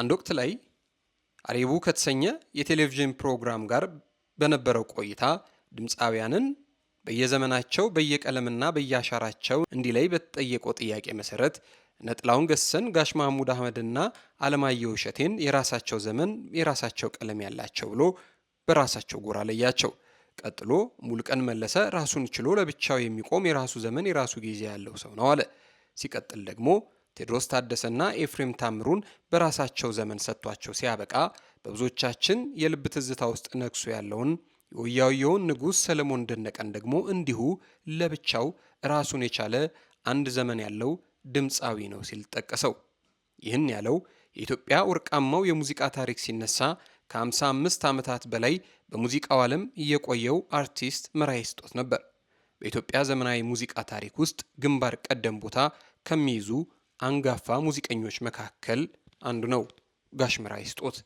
አንድ ወቅት ላይ አሬቡ ከተሰኘ የቴሌቪዥን ፕሮግራም ጋር በነበረው ቆይታ ድምፃውያንን በየዘመናቸው በየቀለምና በየአሻራቸው ላይ በተጠየቀው ጥያቄ መሰረት ነጥላውን ገሰን፣ ጋሽ ማህሙድ አህመድና አለማየሁ እሸቴን የራሳቸው ዘመን የራሳቸው ቀለም ያላቸው ብሎ በራሳቸው ጎራ ለያቸው። ቀጥሎ ሙሉቀን መለሰ ራሱን ችሎ ለብቻው የሚቆም የራሱ ዘመን የራሱ ጊዜ ያለው ሰው ነው አለ። ሲቀጥል ደግሞ ቴድሮስ ታደሰና ኤፍሬም ታምሩን በራሳቸው ዘመን ሰጥቷቸው ሲያበቃ በብዙዎቻችን የልብ ትዝታ ውስጥ ነግሶ ያለውን የወያውየውን ንጉሥ ሰለሞን ደነቀን ደግሞ እንዲሁ ለብቻው ራሱን የቻለ አንድ ዘመን ያለው ድምፃዊ ነው ሲል ጠቀሰው። ይህን ያለው የኢትዮጵያ ወርቃማው የሙዚቃ ታሪክ ሲነሳ ከ55 ዓመታት በላይ በሙዚቃው ዓለም የቆየው አርቲስት መራሄ ስጦት ነበር። በኢትዮጵያ ዘመናዊ ሙዚቃ ታሪክ ውስጥ ግንባር ቀደም ቦታ ከሚይዙ አንጋፋ ሙዚቀኞች መካከል አንዱ ነው ጋሽ ይስጦት። ስጦት።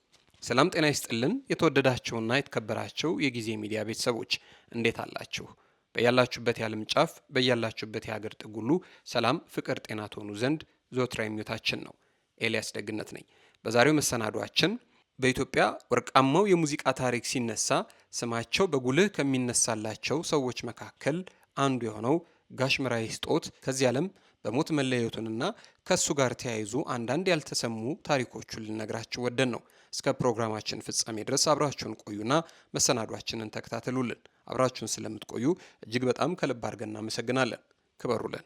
ሰላም ጤና ይስጥልን። የተወደዳቸውና የተከበራቸው የጊዜ ሚዲያ ቤተሰቦች እንዴት አላችሁ? በያላችሁበት የዓለም ጫፍ በያላችሁበት የሀገር ጥግ ሁሉ ሰላም፣ ፍቅር፣ ጤና ትሆኑ ዘንድ ዘወትር ምኞታችን ነው። ኤልያስ ደግነት ነኝ። በዛሬው መሰናዷችን በኢትዮጵያ ወርቃማው የሙዚቃ ታሪክ ሲነሳ ስማቸው በጉልህ ከሚነሳላቸው ሰዎች መካከል አንዱ የሆነው ጋሽ ስጦት ከዚህ ዓለም በሞት መለየቱንና ከእሱ ጋር ተያይዙ አንዳንድ ያልተሰሙ ታሪኮቹን ልነግራችሁ ወደን ነው። እስከ ፕሮግራማችን ፍጻሜ ድረስ አብራችሁን ቆዩና መሰናዷችንን ተከታተሉልን። አብራችሁን ስለምትቆዩ እጅግ በጣም ከልብ አድርገን እናመሰግናለን። ክበሩልን።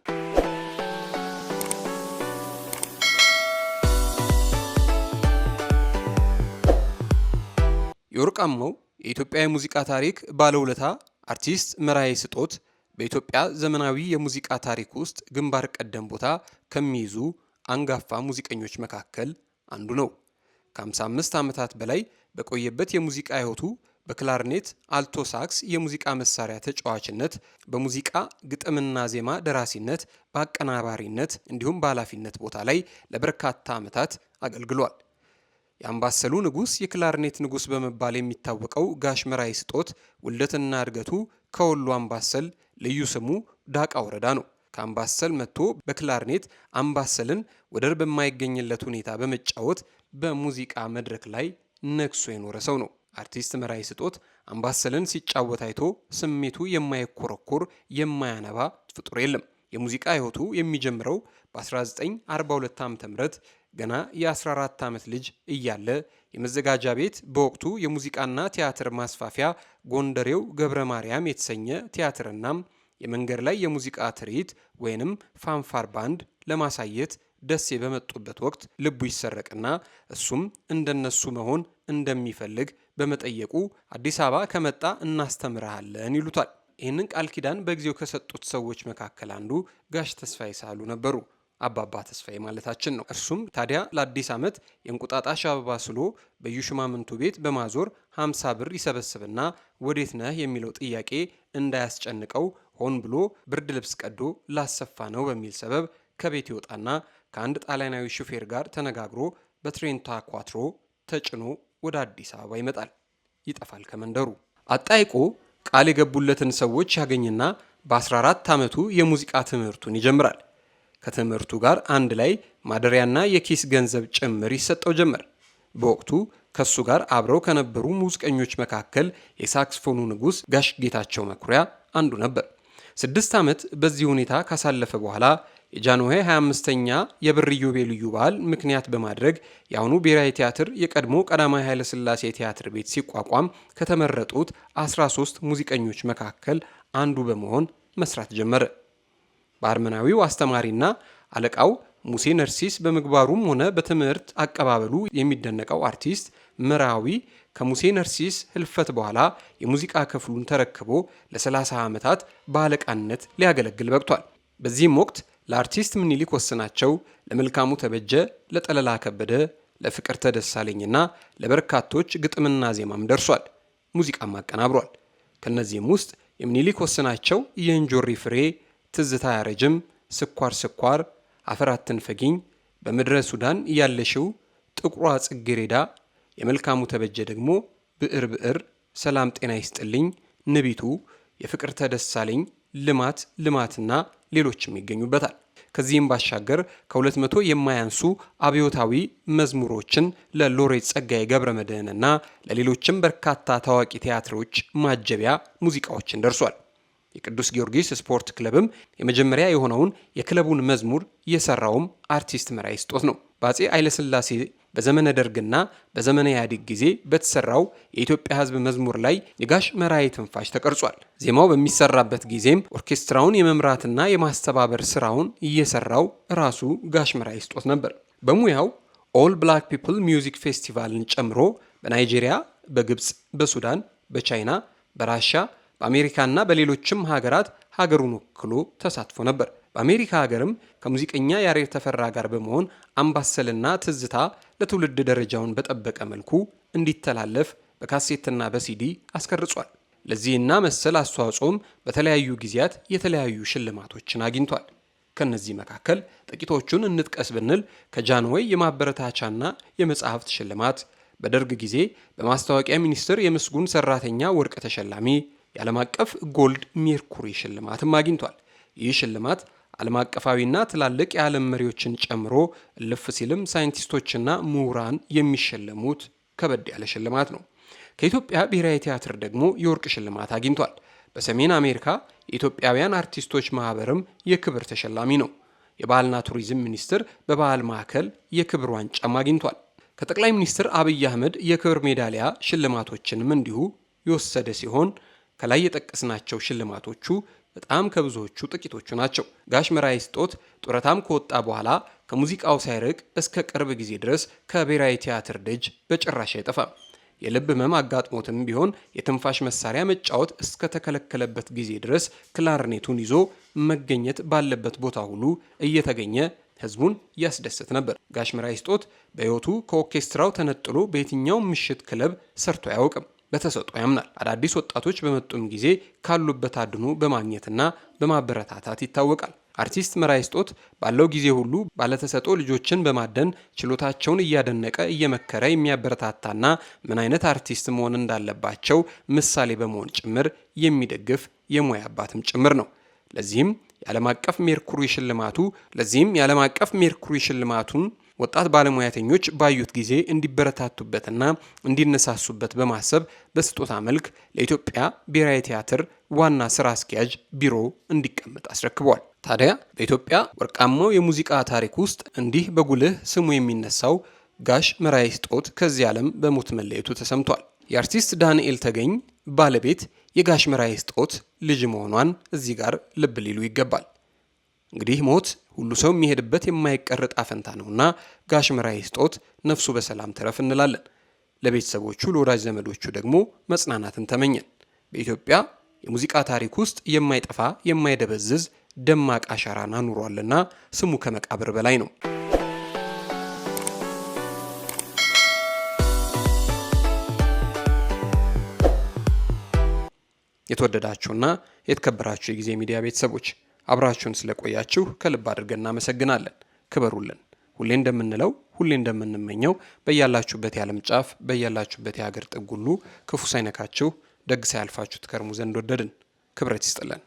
የወርቃማው የኢትዮጵያ የሙዚቃ ታሪክ ባለውለታ አርቲስት ምራዊ ስጦት በኢትዮጵያ ዘመናዊ የሙዚቃ ታሪክ ውስጥ ግንባር ቀደም ቦታ ከሚይዙ አንጋፋ ሙዚቀኞች መካከል አንዱ ነው። ከ55 ዓመታት በላይ በቆየበት የሙዚቃ ሕይወቱ በክላርኔት፣ አልቶ ሳክስ የሙዚቃ መሳሪያ ተጫዋችነት፣ በሙዚቃ ግጥምና ዜማ ደራሲነት፣ በአቀናባሪነት እንዲሁም በኃላፊነት ቦታ ላይ ለበርካታ ዓመታት አገልግሏል። የአምባሰሉ ንጉሥ፣ የክላርኔት ንጉሥ በመባል የሚታወቀው ጋሽ ስጦት ውልደትና እድገቱ ከወሎ አምባሰል ልዩ ስሙ ዳቃ ወረዳ ነው። ከአምባሰል መጥቶ በክላርኔት አምባሰልን ወደር በማይገኝለት ሁኔታ በመጫወት በሙዚቃ መድረክ ላይ ነግሶ የኖረ ሰው ነው። አርቲስት መራይ ስጦት አምባሰልን ሲጫወት አይቶ ስሜቱ የማይኮረኮር የማያነባ ፍጡር የለም። የሙዚቃ ህይወቱ የሚጀምረው በ1942 ዓ.ም ገና የ14 ዓመት ልጅ እያለ የመዘጋጃ ቤት በወቅቱ የሙዚቃና ቲያትር ማስፋፊያ ጎንደሬው ገብረ ማርያም የተሰኘ ቲያትርና የመንገድ ላይ የሙዚቃ ትርኢት ወይንም ፋንፋር ባንድ ለማሳየት ደሴ በመጡበት ወቅት ልቡ ይሰረቅና እሱም እንደነሱ መሆን እንደሚፈልግ በመጠየቁ አዲስ አበባ ከመጣ እናስተምረሃለን ይሉታል። ይህንን ቃል ኪዳን በጊዜው ከሰጡት ሰዎች መካከል አንዱ ጋሽ ተስፋዬ ሳህሉ ነበሩ። አባባ ተስፋዬ ማለታችን ነው። እርሱም ታዲያ ለአዲስ ዓመት የእንቁጣጣሽ አበባ ስሎ በየሹማምንቱ ቤት በማዞር 50 ብር ይሰበስብና ወዴት ነህ የሚለው ጥያቄ እንዳያስጨንቀው ሆን ብሎ ብርድ ልብስ ቀዶ ላሰፋ ነው በሚል ሰበብ ከቤት ይወጣና ከአንድ ጣሊያናዊ ሹፌር ጋር ተነጋግሮ በትሬንታ ኳትሮ ተጭኖ ወደ አዲስ አበባ ይመጣል። ይጠፋል ከመንደሩ አጣይቆ ቃል የገቡለትን ሰዎች ያገኝና በ14 ዓመቱ የሙዚቃ ትምህርቱን ይጀምራል። ከትምህርቱ ጋር አንድ ላይ ማደሪያና የኪስ ገንዘብ ጭምር ይሰጠው ጀመር። በወቅቱ ከሱ ጋር አብረው ከነበሩ ሙዚቀኞች መካከል የሳክስፎኑ ንጉሥ ጋሽ ጌታቸው መኩሪያ አንዱ ነበር። ስድስት ዓመት በዚህ ሁኔታ ካሳለፈ በኋላ የጃንሆይ 25ኛ የብር ኢዮቤልዩ በዓል ምክንያት በማድረግ የአሁኑ ብሔራዊ ቲያትር የቀድሞ ቀዳማዊ ኃይለሥላሴ ቲያትር ቤት ሲቋቋም ከተመረጡት 13 ሙዚቀኞች መካከል አንዱ በመሆን መስራት ጀመረ። በአርመናዊው አስተማሪና አለቃው ሙሴ ነርሲስ በምግባሩም ሆነ በትምህርት አቀባበሉ የሚደነቀው አርቲስት ምራዊ ከሙሴ ነርሲስ ህልፈት በኋላ የሙዚቃ ክፍሉን ተረክቦ ለ30 ዓመታት በአለቃነት ሊያገለግል በቅቷል። በዚህም ወቅት ለአርቲስት ምኒልክ ወስናቸው፣ ለመልካሙ ተበጀ፣ ለጠለላ ከበደ፣ ለፍቅርተ ደሳለኝና ለበርካቶች ግጥምና ዜማም ደርሷል። ሙዚቃም አቀናብሯል። ከእነዚህም ውስጥ የምኒልክ ወስናቸው የእንጆሪ ፍሬ ትዝታ ያረጅም፣ ስኳር ስኳር፣ አፈራትን ፈጊኝ፣ በምድረ ሱዳን እያለሽው፣ ጥቁሯ ጽጌሬዳ፣ የመልካሙ ተበጀ ደግሞ ብዕር ብዕር፣ ሰላም ጤና ይስጥልኝ፣ ንቢቱ፣ የፍቅርተ ደሳለኝ፣ ልማት ልማትና ሌሎችም ይገኙበታል። ከዚህም ባሻገር ከሁለት መቶ የማያንሱ አብዮታዊ መዝሙሮችን ለሎሬት ጸጋዬ ገብረ መድኅንና ለሌሎችም በርካታ ታዋቂ ቲያትሮች ማጀቢያ ሙዚቃዎችን ደርሷል። የቅዱስ ጊዮርጊስ ስፖርት ክለብም የመጀመሪያ የሆነውን የክለቡን መዝሙር የሰራውም አርቲስት መራይ ስጦት ነው። በአጼ ኃይለሥላሴ በዘመነ ደርግና በዘመነ ኢህአዴግ ጊዜ በተሰራው የኢትዮጵያ ሕዝብ መዝሙር ላይ የጋሽ መራይ ትንፋሽ ተቀርጿል። ዜማው በሚሰራበት ጊዜም ኦርኬስትራውን የመምራትና የማስተባበር ስራውን እየሰራው ራሱ ጋሽ መራይ ስጦት ነበር። በሙያው ኦል ብላክ ፒፕል ሚውዚክ ፌስቲቫልን ጨምሮ በናይጄሪያ፣ በግብፅ፣ በሱዳን፣ በቻይና፣ በራሻ በአሜሪካና በሌሎችም ሀገራት ሀገሩን ወክሎ ተሳትፎ ነበር። በአሜሪካ ሀገርም ከሙዚቀኛ ያሬድ ተፈራ ጋር በመሆን አምባሰልና ትዝታ ለትውልድ ደረጃውን በጠበቀ መልኩ እንዲተላለፍ በካሴትና በሲዲ አስቀርጿል። ለዚህና መሰል አስተዋጽኦም በተለያዩ ጊዜያት የተለያዩ ሽልማቶችን አግኝቷል። ከነዚህ መካከል ጥቂቶቹን እንጥቀስ ብንል ከጃንሆይ የማበረታቻና የመጽሐፍት ሽልማት፣ በደርግ ጊዜ በማስታወቂያ ሚኒስቴር የምስጉን ሰራተኛ ወርቅ ተሸላሚ የዓለም አቀፍ ጎልድ ሜርኩሪ ሽልማትም አግኝቷል። ይህ ሽልማት ዓለም አቀፋዊና ትላልቅ የዓለም መሪዎችን ጨምሮ ልፍ ሲልም ሳይንቲስቶችና ምሁራን የሚሸለሙት ከበድ ያለ ሽልማት ነው። ከኢትዮጵያ ብሔራዊ ቲያትር ደግሞ የወርቅ ሽልማት አግኝቷል። በሰሜን አሜሪካ የኢትዮጵያውያን አርቲስቶች ማህበርም የክብር ተሸላሚ ነው። የባህልና ቱሪዝም ሚኒስቴር በባህል ማዕከል የክብር ዋንጫም አግኝቷል። ከጠቅላይ ሚኒስትር አብይ አህመድ የክብር ሜዳሊያ ሽልማቶችንም እንዲሁ የወሰደ ሲሆን ከላይ የጠቀስናቸው ሽልማቶቹ በጣም ከብዙዎቹ ጥቂቶቹ ናቸው። ጋሽ መርዓዊ ስጦት ጡረታም ከወጣ በኋላ ከሙዚቃው ሳይርቅ እስከ ቅርብ ጊዜ ድረስ ከብሔራዊ ቲያትር ደጅ በጭራሽ አይጠፋም። የልብ ህመም አጋጥሞትም ቢሆን የትንፋሽ መሳሪያ መጫወት እስከተከለከለበት ጊዜ ድረስ ክላርኔቱን ይዞ መገኘት ባለበት ቦታ ሁሉ እየተገኘ ህዝቡን ያስደስት ነበር። ጋሽ መርዓዊ ስጦት በሕይወቱ ከኦርኬስትራው ተነጥሎ በየትኛውም ምሽት ክለብ ሰርቶ አያውቅም። በተሰጦ ያምናል። አዳዲስ ወጣቶች በመጡም ጊዜ ካሉበት አድኖ በማግኘትና በማበረታታት ይታወቃል። አርቲስት መራይ ስጦት ባለው ጊዜ ሁሉ ባለተሰጦ ልጆችን በማደን ችሎታቸውን እያደነቀ እየመከረ የሚያበረታታና ምን አይነት አርቲስት መሆን እንዳለባቸው ምሳሌ በመሆን ጭምር የሚደግፍ የሙያ አባትም ጭምር ነው። ለዚህም የዓለም አቀፍ ሜርኩሪ ሽልማቱ ለዚህም የዓለም አቀፍ ሜርኩሪ ሽልማቱን ወጣት ባለሙያተኞች ባዩት ጊዜ እንዲበረታቱበትና እንዲነሳሱበት በማሰብ በስጦታ መልክ ለኢትዮጵያ ብሔራዊ ቲያትር ዋና ስራ አስኪያጅ ቢሮ እንዲቀመጥ አስረክቧል። ታዲያ በኢትዮጵያ ወርቃማው የሙዚቃ ታሪክ ውስጥ እንዲህ በጉልህ ስሙ የሚነሳው ጋሽ መራዊ ስጦት ከዚህ ዓለም በሞት መለየቱ ተሰምቷል። የአርቲስት ዳንኤል ተገኝ ባለቤት የጋሽ መራዊ ስጦት ልጅ መሆኗን እዚህ ጋር ልብ ሊሉ ይገባል። እንግዲህ ሞት ሁሉ ሰው የሚሄድበት የማይቀርጥ አፈንታ ነውና ጋሽ መርዓዊ ስጦት ነፍሱ በሰላም ትረፍ እንላለን። ለቤተሰቦቹ ለወዳጅ ዘመዶቹ ደግሞ መጽናናትን ተመኘን። በኢትዮጵያ የሙዚቃ ታሪክ ውስጥ የማይጠፋ የማይደበዝዝ ደማቅ አሻራን አኑሯልና ስሙ ከመቃብር በላይ ነው። የተወደዳችሁና የተከበራችሁ የጊዜ ሚዲያ ቤተሰቦች አብራችሁን ስለቆያችሁ ከልብ አድርገን እናመሰግናለን። ክበሩልን። ሁሌ እንደምንለው ሁሌ እንደምንመኘው በያላችሁበት የዓለም ጫፍ በያላችሁበት የሀገር ጥግ ሁሉ ክፉ ሳይነካችሁ ደግ ሳያልፋችሁ ትከርሙ ዘንድ ወደድን። ክብረት ይስጥልን።